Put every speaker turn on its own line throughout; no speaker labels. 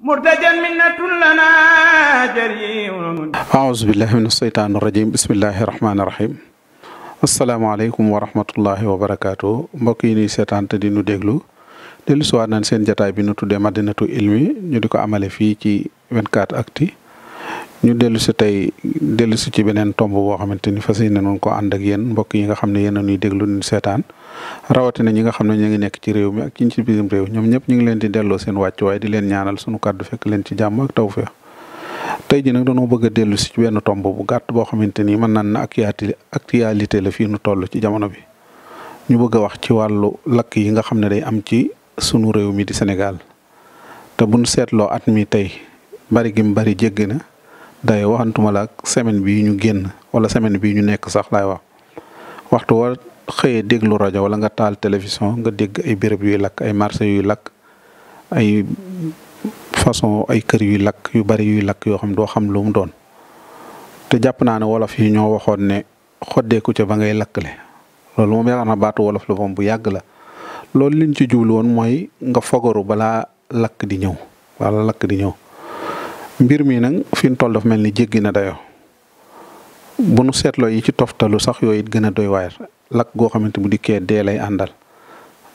murtajan minnatun lana jariun aouzu billahi min asheytaan irajim bismillahi rahmaani mbokk yi nuy seetaan te di nu déglu dellu siwaat nañ seen jataay bi nu tuddee madinatu ilmi ñu di ko amale fii ci 24 actu ñu dellu si tey dellu si ci beneen tomb boo xamante ni fas yéene nañ ko ànd yenn yéen mbokk yi nga xam ne yéen a ñuy déglu ñu seetaan rawatina ñi nga xam ne ñu ngi nekk ci réew mi ak ci ci biirum réew ñoom ñëpp ñu ngi leen di delloo seen wàccuwaay di leen ñaanal sunu kàddu fekk leen ci jàmm ak tawfeex tey ji nag dañoo bëgg a dellu si ci benn tomb bu gàtt boo xamante ni mën naan na actualité la fii nu toll ci jamono bi ñu bëgg a wax ci wàllu lakk yi nga xam ne day am ci sunu réew mi di senegal te buñ seetloo at mi tey bari gim bari jéggi na day waxantuma la ak semaine bii ñu génn wala semaine bii ñu nekk sax laay wax xëyee déglu rajo wala nga taal télévision nga dégg ay béréb yuy lakk ay marché yuy lakk ay façon ay kër yuy lakk yu bari yuy lakk yoo xam doo xam lu doon te jàpp naa ne wolof yi ñoo waxoon ne xoddeeku ci ba ngay lakkle loolu moom yaakaar na baatu wolof la moom bu yàgg la loolu liñ ci jublu woon mooy nga fogaru balaa lakk di ñëw wala lakk di ñëw mbir mii nag fi ñu toll daf mel ni jéggi na dayo bu nu seetloo yi ci toftalu sax yooyu it gën a doy waar lakk goo xamante bu dikkee dee lay àndal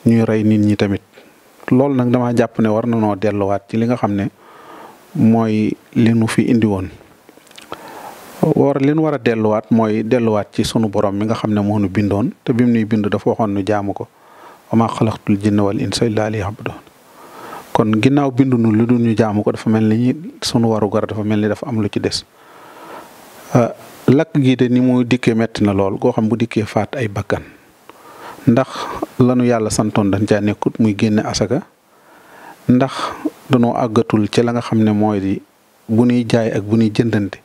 ñuy rey nit ñi tamit loolu nag dama jàpp ne war na noo delluwaat ci li nga xam ne mooy li nu fi indi woon war li nu war a delluwaat mooy delluwaat ci sunu borom mi nga xam ne moo nu bindoon te bim nuy bind dafa waxoon nu jaamu ko wama xalaqtul jinna wal insa illa liya'budun kon ginnaaw bindu nu lu dul ñu jaamu ko dafa mel ni sunu waru gar dafa mel ni dafa am lu ci des Euh, lakk gi de ni mu dikkee metti na lool goo xam bu dikkee faat ay bakkan ndax lanu yàlla santoon dañ caa nekkut muy génne asaka ndax danoo àggatul ci la nga xam ne mooy di bu ñuy jaay ak bu ñuy jëndante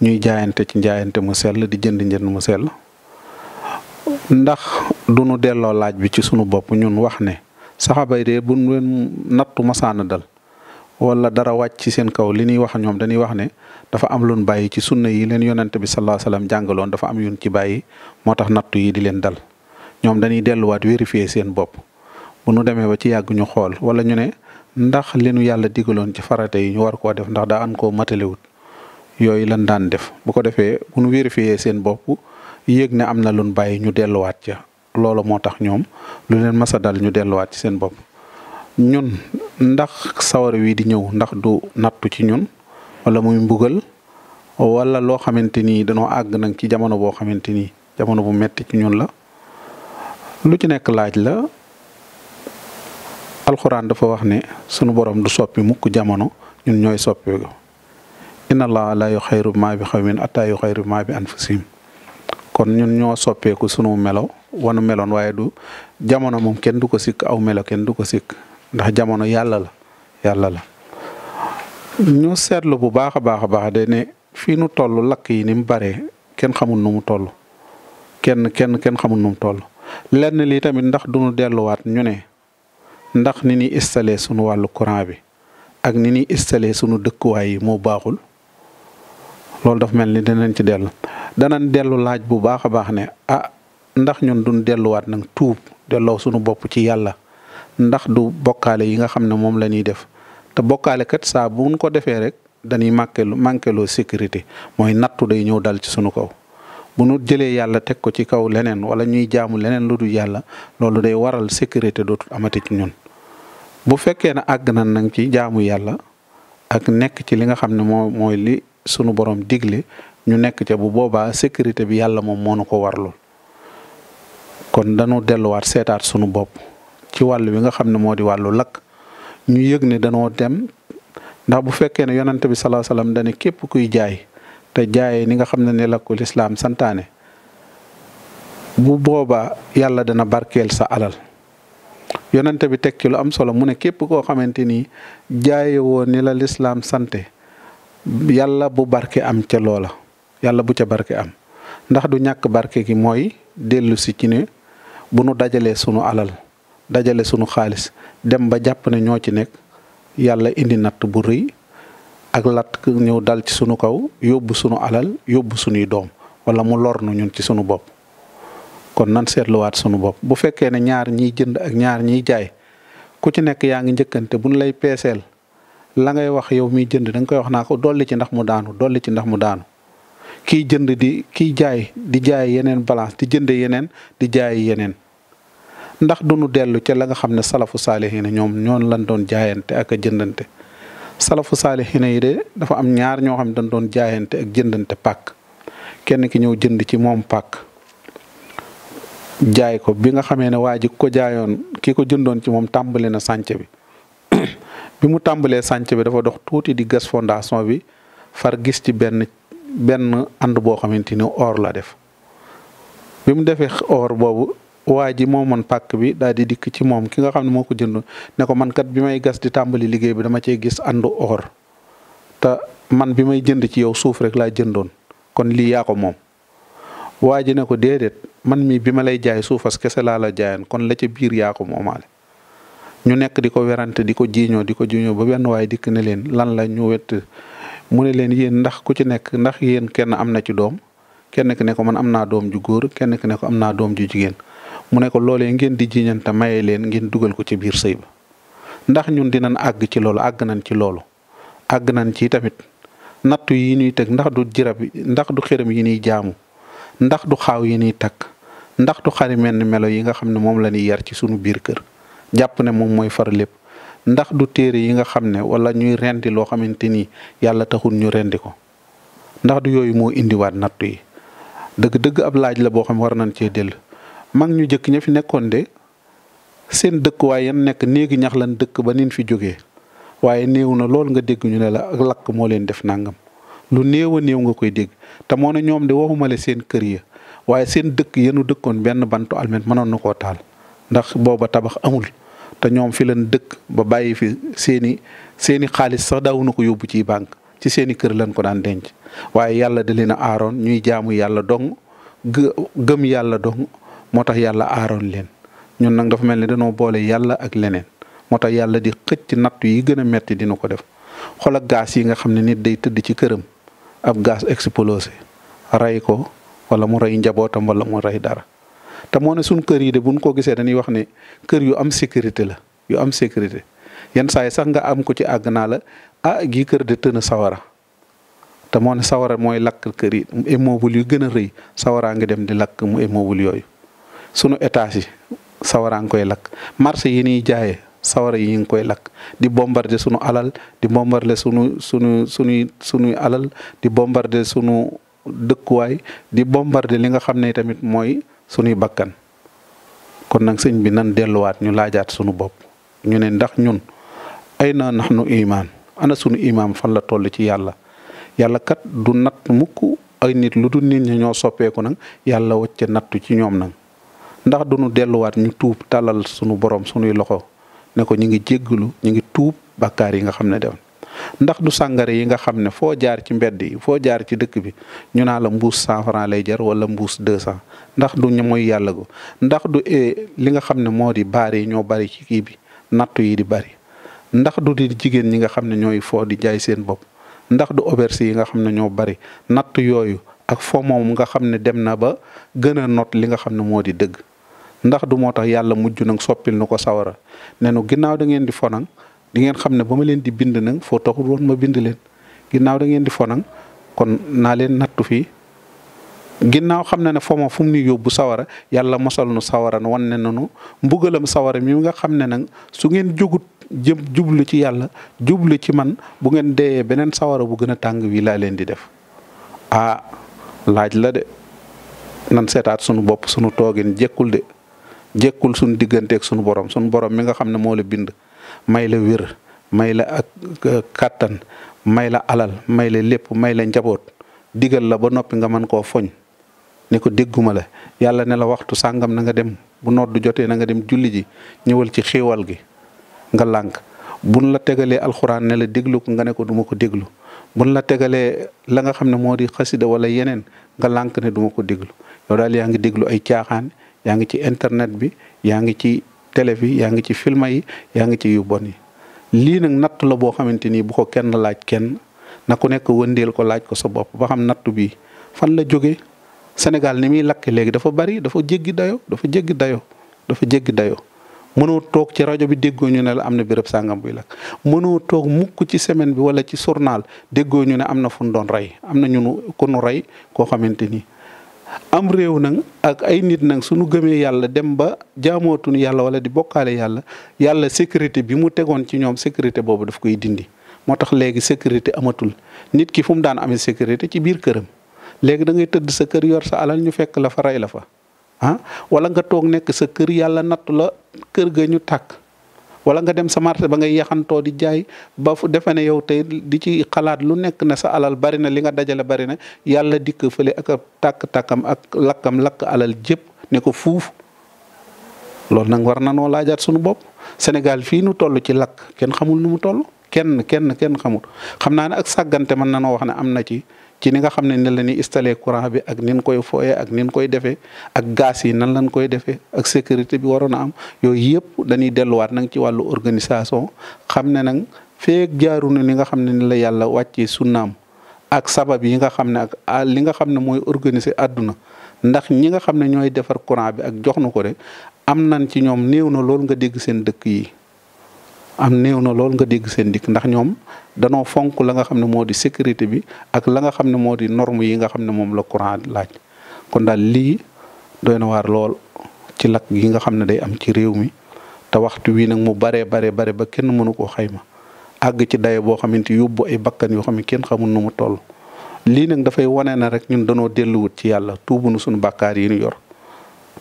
ñuy jaayante ci njaayante mu sell di jënd njënd mu sell ndax du nu delloo laaj bi ci sunu bopp ñun wax ne saxaabay de bu nu leen nattu masaana dal wala dara wàcc ci seen kaw li ñuy wax ñoom dañuy wax ne dafa am lu bàyyi ci sunna yi leen yonent bi sallallahu alayhi wasallam jàngaloon dafa am yu yun ci bàyyi moo tax nattu yi di leen dal ñoom dañuy delluwaat vérifier seen bopp bu nu demee ba ci yàgg ñu xool wala ñu ne ndax li nu yàlla digaloon ci farate yi ñu war koo def ndax daa an koo matalewut yooyu lan daan def bu ko defee bu nu vérifier seen bopp yéeg ne am na lu ñu bàyyi ñu delluwaat ca loolu moo tax ñoom lu leen masa dal ñu delluwaat ci seen bopp ñun ndax sawara wii di ñëw ndax du nattu ci ñun wala muy mbugal wala loo xamante ni dañoo àgg nag ci jamono boo xamante ni jamono bu metti ci ñun la lu ci nekk laaj la alxuraan dafa wax ne sunu borom du soppi mukk jamono ñun ñooy soppi ko inna la yuxayru ma bi xawmin ataa yuxayru ma bi anfusihim kon ñun ñoo soppeeku sunu melo wanu meloon waaye du jamono moom kenn du ko sikk aw melo kenn du ko sikk ndax jamono yàlla la yàlla la ñu seetlu bu baax a baax a baax de ne fii nu toll lakk yi ni mu baree kenn xamul nu mu toll kenn kenn kenn xamul nu mu toll lenn lii tamit ndax duñu delluwaat ñu ne ndax ni ñuy installé sunu wàllu courant bi ak ni ñuy installé sunu dëkkuwaay yi moo baaxul loolu daf mel ni danañ ci dellu danañ dellu laaj bu baax a baax ne a ah, ndax ñun duñ delluwaat nag tuub delloo sunu bopp ci yàlla ndax du bokkaale yi nga xam ne moom la ñuy def te bokkaale kat saa buñ ko defee rek dañuy màkkelu mànkeloo sécurité mooy nattu day ñëw dal ci sunu kaw bu nu jëlee yàlla teg ko ci kaw leneen wala ñuy jaamu leneen lu du yàlla loolu day waral sécurité dootul amati ci ñun bu fekkee ne àgg na nag ci jaamu yàlla ak nekk ci li nga xam ne moo mooy li sunu borom digle ñu nekk ca bu boobaa sécurité bi yàlla moom moo nu ko warlul kon dañu delluwaat seetaat sunu bopp ci wàllu wi nga xam ne moo di wàllu lakk ñu yëg ne danoo dem ndax bu fekkee ne yonante bi salaa salaam dane képp kuy jaay te jaayee ni nga xam ne ne la ko lislaam santaane bu boobaa yàlla dana barkeel sa alal yonante bi teg ci lu am solo mu ne képp koo xamante ni jaaye woo ni la lislaam sante yàlla bu barke am ca loola yàlla bu ca barke am ndax du ñàkk barke gi mooy dellusi ci ne bu nu dajalee sunu alal dajale sunu xaalis dem ba jàpp ne ñoo ci nekk yàlla indi natt bu rëy ak lat ñëw dal ci sunu kaw yóbbu sunu alal yóbbu sunuy doom wala mu lor na ñun ci sunu bopp kon nan seetluwaat sunu bopp bu fekkee ne ñaar ñiy jënd ak ñaar ñiy jaay ku ci nekk yaa ngi njëkkante bu buñ lay peeseel la ngay wax yow miy jënd da nga koy wax naa ko dolli ci ndax mu daanu dolli ci ndax mu daanu kii jënd di kii jaay di jaay yeneen balance di jënd yeneen di jaay yeneen ndax du nu dellu ca la nga xam ne salafu saalihiina ñoom ñoon lan doon jaayante ak a jëndante salafu saalihiina yi de dafa am ñaar ñoo xam ne dañ doon jaayante ak jëndante pàkk kenn ki ñëw jënd ci moom pàkk jaay ko bi nga xamee ne waa ji ko jaayoon ki ko jëndoon ci moom tàmbali na sànce bi bi mu tàmbalee sànce bi dafa dox tuuti di gas fondation bi far gis ci benn benn ànd boo xamante ni or la def bi mu defee or boobu waa ji moomoon pàkk bi daal di dikk ci moom ki nga xam ne moo ko jënd ne ko man kat bi may gas di tàmbali liggéey bi dama cee gis àndu or te man bi may jënd ci yow suuf rek laa jëndoon kon lii yaako moom. waa ji ne ko déedéet man mii bi ma lay jaay suufas kese laa la jaayan kon la ci biir yaa ko moomaale ñu nekk di ko werante di ko jiiñoo di ko jiiñoo ba benn waaye dikk ne leen lan la ñu wett mu ne leen yéen ndax ku ci nekk ndax yéen kenn am na ci doom kenn ki ne ko man am naa doom ju kenn ki ne am naa doom ju jigéen. mu ne ko loolee ngeen di jiñante maye leen ngeen dugal ko ci biir sëy ndax ñun dinañ àgg ci loolu àgg nañ ci loolu àgg nañ ci tamit nattu yi ñuy teg ndax du jirab ndax du xërëm yi nuy jaamu ndax du xaaw yi ñuy takk ndax du xari menn melo yi nga xam ne moom la ñuy yar ci sunu biir kër jàpp ne moom mooy fara lépp ndax du téere yi nga xam ne wala ñuy rendi loo xamante ni yàlla taxul ñu rendi ko ndax du yooyu moo indiwaat nattu yi dëgg-dëgg ab laaj la boo xam war nañ cee dellu mag ñu jëkk ña fi nekkoon de seen dëkkuwaay yan nekk néegi ñax lan dëkk ba nin fi jógee waaye néew na lool nga dégg ñu ne la ak lakk moo leen def nangam lu néew a néew nga koy dégg te moo ne ñoom de waxumale seen kër ya waaye seen dëkk yenu dëkkoon benn bantu almet mënoon na koo taal ndax booba tabax amul te ñoom fi leen dëkk ba bàyyi fi seeni seeni xaalis sax daawu ko yóbbu ci banque ci seeni kër lañ ko daan denc waaye yàlla da a aaroon ñuy jaamu yàlla dong gëm yàlla dong moo tax yàlla aaroon leen ñun nag dafa mel ni dañoo boole yàlla ak leneen moo tax yàlla di xëcc nattu yi gën a metti dina ko def xol ak gaas yi nga xam ne nit day tëdd ci këram ab gaz explosé rey ko wala mu rey njabootam wala mu rey dara te moo ne suñ kër yi de buñ ko gisee dañuy wax ne kër yu am sécurité la yu am sécurité yenn saa sax nga am ko ci àgg naa la ah gii kër de tën a sawara te moo ne sawara mooy lakk kër yi immeuble yu gën a rëy sawaraa ngi dem di lakk mu immeuble yooyu sunu étage yi sawaraa koy lakk marché yi nuy jaayee sawara yi ngi koy lakk di bombarder sunu alal di bombarder sunu sunu sunuy sunuy alal di bombarder sunu dëkkuwaay di bombarder li nga xam ne tamit mooy sunuy bakkan kon nag sëñ bi nan delluwaat ñu laajaat sunu bopp ñu ne ndax ñun ay na nax nu imaan ana sunu imaam fan la toll ci yàlla yàlla kat du natt mukk ay nit lu dul nit ñi ñoo soppeeku nag yàlla wacce nattu ci ñoom nag ndax du ñu delluwaat ñu tuub tàllal sunu borom sunuy loxo ne ko ñu ngi jéggalu ñu ngi tuub bakkaar yi nga xam ne demoon ndax du sàngara yi nga xam ne foo jaar ci mbedd yi foo jaar ci dëkk bi ñu naa la mbuus cent lay jar wala mbuus deux cent ndax du ñu yàlla go ndax du eh, li nga xam ne moo di baar ñoo bari ci kii bi nattu yi di bari ndax du di jigéen ñi nga xam ne ñooy foo di jaay seen bopp ndax du auberge yi nga xam ne ñoo bari natt yooyu ak foo moom nga xam ne dem na ba gën a not li nga xam ne moo di dëgg ndax du moo tax yàlla mujj nag soppil nu ko sawara ne nu ginnaaw da ngeen di fonang di ngeen xam ne ba ma leen di bind nag foo taxul woon ma bind leen ginnaaw da ngeen di fonang kon naa leen nattu fii ginnaaw xam na ne foo ma fu mu ni yóbbu sawara yàlla mosal nu sawara wan ne nanu mbugalam sawara mi nga xam ne nag su ngeen jógut jëm jublu ci yàlla jublu ci man bu ngeen deeyee beneen sawara bu gën a tàng wi laa leen di def ah laaj la de nan seetaat sunu bopp sunu toogin jekkul de jekkul suñ digganteek suñu borom suñu borom mi nga xam ne moo la bind may la wér may la ak euh, kàttan may la alal may la lépp may la njaboot digal la ba noppi nga mën koo foñ ne ko dégguma la yàlla ne la waxtu sàngam na nga dem bu noddu jotee na nga dem julli ji ñëwal ci xéewal gi nga lank bu buñ la tegalee alxuraan ne la déglu ko nga ne ko duma ko déglu buñ la tegalee la nga xam ne moo di xasida wala yeneen nga lànk ne duma ko déglu yow daal yaa ngi déglu ay caaxaan yaa ngi ci internet bi yaa ngi ci télé bi yaa ngi ci filma yi yaa ngi ci yu bon yi lii nag natt la boo xamante ni bu ko kenn laaj kenn na ku nekk wëndeel ko laaj ko sa bopp ba xam natt bi fan la jóge Sénégal ni muy lakk léegi dafa bari dafa jéggi dayo dafa jéggi dayo dafa jéggi dayo mënoo toog ci rajo bi déggoo ñu ne la am na béréb sàngam buy lakk mënoo toog mukk ci semaine bi wala ci journal déggoo ñu ne am na fu ñu doon rey am na ñu ku nu rey koo xamante ni. am réew nag ak ay nit nag suñu gëmee yàlla dem ba jaamootuñu yàlla wala di bokkaale yàlla yàlla sécurité bi mu tegoon ci ñoom sécurité boobu daf koy dindi moo tax léegi sécurité amatul nit ki fu mu daan amee sécurité ci biir këram léegi da ngay tëdd sa kër yor sa alal ñu fekk la fa rey la fa. Ah, wala nga toog nekk sa kër yàlla nattu la kër ga ñu tàkk wala nga dem sa marché ba ngay yaxantoo di jaay ba fu defe ne yow tey di ci xalaat lu nekk na sa alal bari na li nga dajale bari na yàlla dikk fële ak tàkk takkam ak lakkam lakk alal jépp ne ko fuuf loolu nag war na noo laajaat suñu bopp Sénégal fii nu toll ci lakk kenn xamul nu mu toll kenn kenn kenn xamul xam naa ne ak sàggante mën na noo wax ne am na ci ci ni nga xam ne ne la ñuy installé courant bi ak nin koy fooyee ak nin koy defee ak yi nan lañ koy defee ak sécurité bi waroon a am yooyu yëpp dañuy delluwaat nag ci wàllu organisation xam ne nag feek jaaru na li nga xam ne ni la yàlla wàccee sunnaam ak sabab yi nga xam ne ak li nga xam ne mooy organiser àdduna ndax ñi nga xam ne ñooy defar courant bi ak jox na ko de am nañ ci ñoom néew na lool nga dégg seen dëkk yi am néew na lool nga dégg seen dikk ndax ñoom danoo fonk la nga xam ne moo di sécurité bi ak la nga xam ne moo di norme yi nga xam ne moom la courant laaj kon daal lii doy na waar lool ci lakk yi nga xam ne day am ci réew mi te waxtu wii nag mu baree bare bare ba kenn mënu koo xayma àgg ci daye boo xamante yóbbu ay bakkan yoo xam ne kenn xamul nu mu toll lii nag dafay wane na rek ñun danoo delluwut ci yàlla tuubunu suñu bàkkaar yi nu yor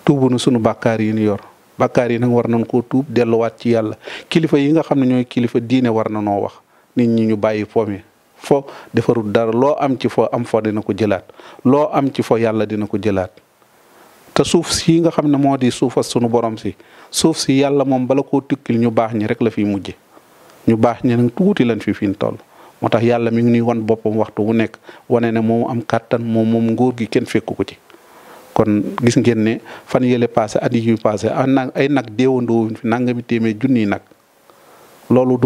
tuubunu suñu bakkaar yi nu yor bàkkaar yi nag war nañ ko tuub delluwaat ci yàlla kilifa yi nga xam ne ñooy kilifa diine war na noo wax nit ñi ñu bàyyi fo mi fo defarul dara loo am ci foo am fo dina ko jëlaat loo am ci foo yàlla dina ko jëlaat te suuf si nga xam ne moo di suufas sunu borom si suuf si yàlla moom bala koo tukkil ñu baax ñi rek la fi mujje ñu baax ñi nag tuuti lañ fi fiin tool moo tax yàlla mi ngi nuy wan boppam waxtu wu nekk wane ne moom am kàttan moom moom nguur gi kenn fekku ko ci kon gis ngeen ne fan yële passé at yu passé ay nag ay nag déewandoo fi nangami téeméer junniy nag loolu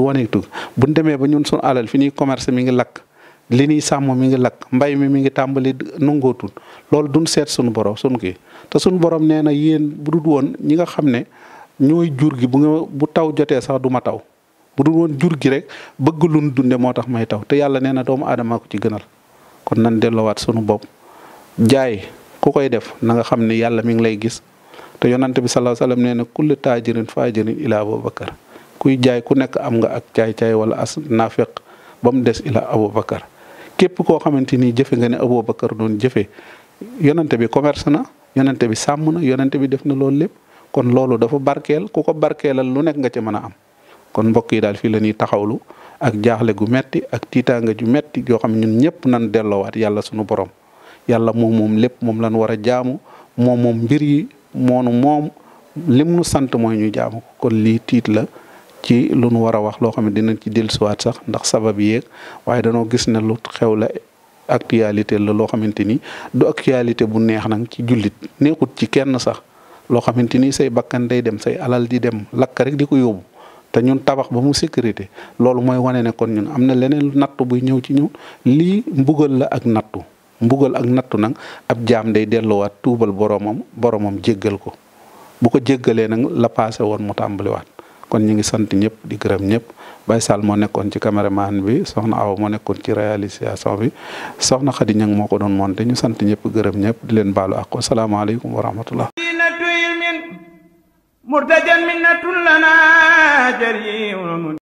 bu ñu demee ba ñun suñu alal fi ñuy commerce mi ngi lakk li ñuy sàmm mi ngi lakk mbay mi mi ngi tàmbali nangootul loolu dun seet suñu borom suñu kii te suñu borom nee na yéen bu du woon ñi nga xam ne ñooy jur gi bu nga bu taw jotee sax du ma taw bu du woon jur gi rek bëgg luñ dunde moo tax may taw te yàlla nee na doomu aadama ko ci gënal kon nan delloowaat suñu bopp jaay ku koy def na nga xam ne yàlla mi ngi lay gis te yonante bi sallallahu alayhi wasallam nee na kullu taajirin faajirin ilaa Abubakar kuy jaay ku nekk am nga ak caay-caay wala as naafeq ba mu des ila Aboubacar képp koo xamante ni jëfe nga ne Aboubacar doon jëfe yonante bi commerce na yonante bi sàmm na yonante bi def na loolu lépp kon loolu dafa barkeel ku ko barkeelal lu nekk nga ci mën a am kon mbokk yi daal fii la ñuy taxawlu ak jaaxle gu metti ak tiitaanga ju metti yoo xam ñun ñëpp nan delloowaat yàlla sunu borom yàlla moom moom lépp moom lan war a jaamu moom moom mbir yi moonu moom lim nu sant mooy ñu jaamu kon lii tiit la ci lu nu war a wax loo xam ne dinañ ci dellusiwaat sax ndax sabab yéeg waaye danoo gis ne lu xew la actualité la loo xamante ni du actualité bu neex nag ci jullit neexut ci kenn sax loo xamante ni say bakkan day dem say alal di dem lakk rek di ko yóbbu te ñun tabax ba mu sécurité loolu mooy wane ne kon ñun am na leneen nattu buy ñëw ci ñun lii mbugal la ak nattu mbugal ak nattu nag ab jaam day delluwaat tuubal boromam boromam jéggal ko bu ko jéggalee nag la paase woon mu tàmbaliwaat. kon ñu ngi sant ñëpp di gërëm ñëpp Baye Sall moo nekkoon ci caméraman bi soxna Aw moo nekkoon ci réalisation bi soxna Khady Niang moo ko doon monté ñu sant ñëpp gërëm ñëpp di leen baalu ak wasalaamaaleykum wa rahmatullah murtajan minnatun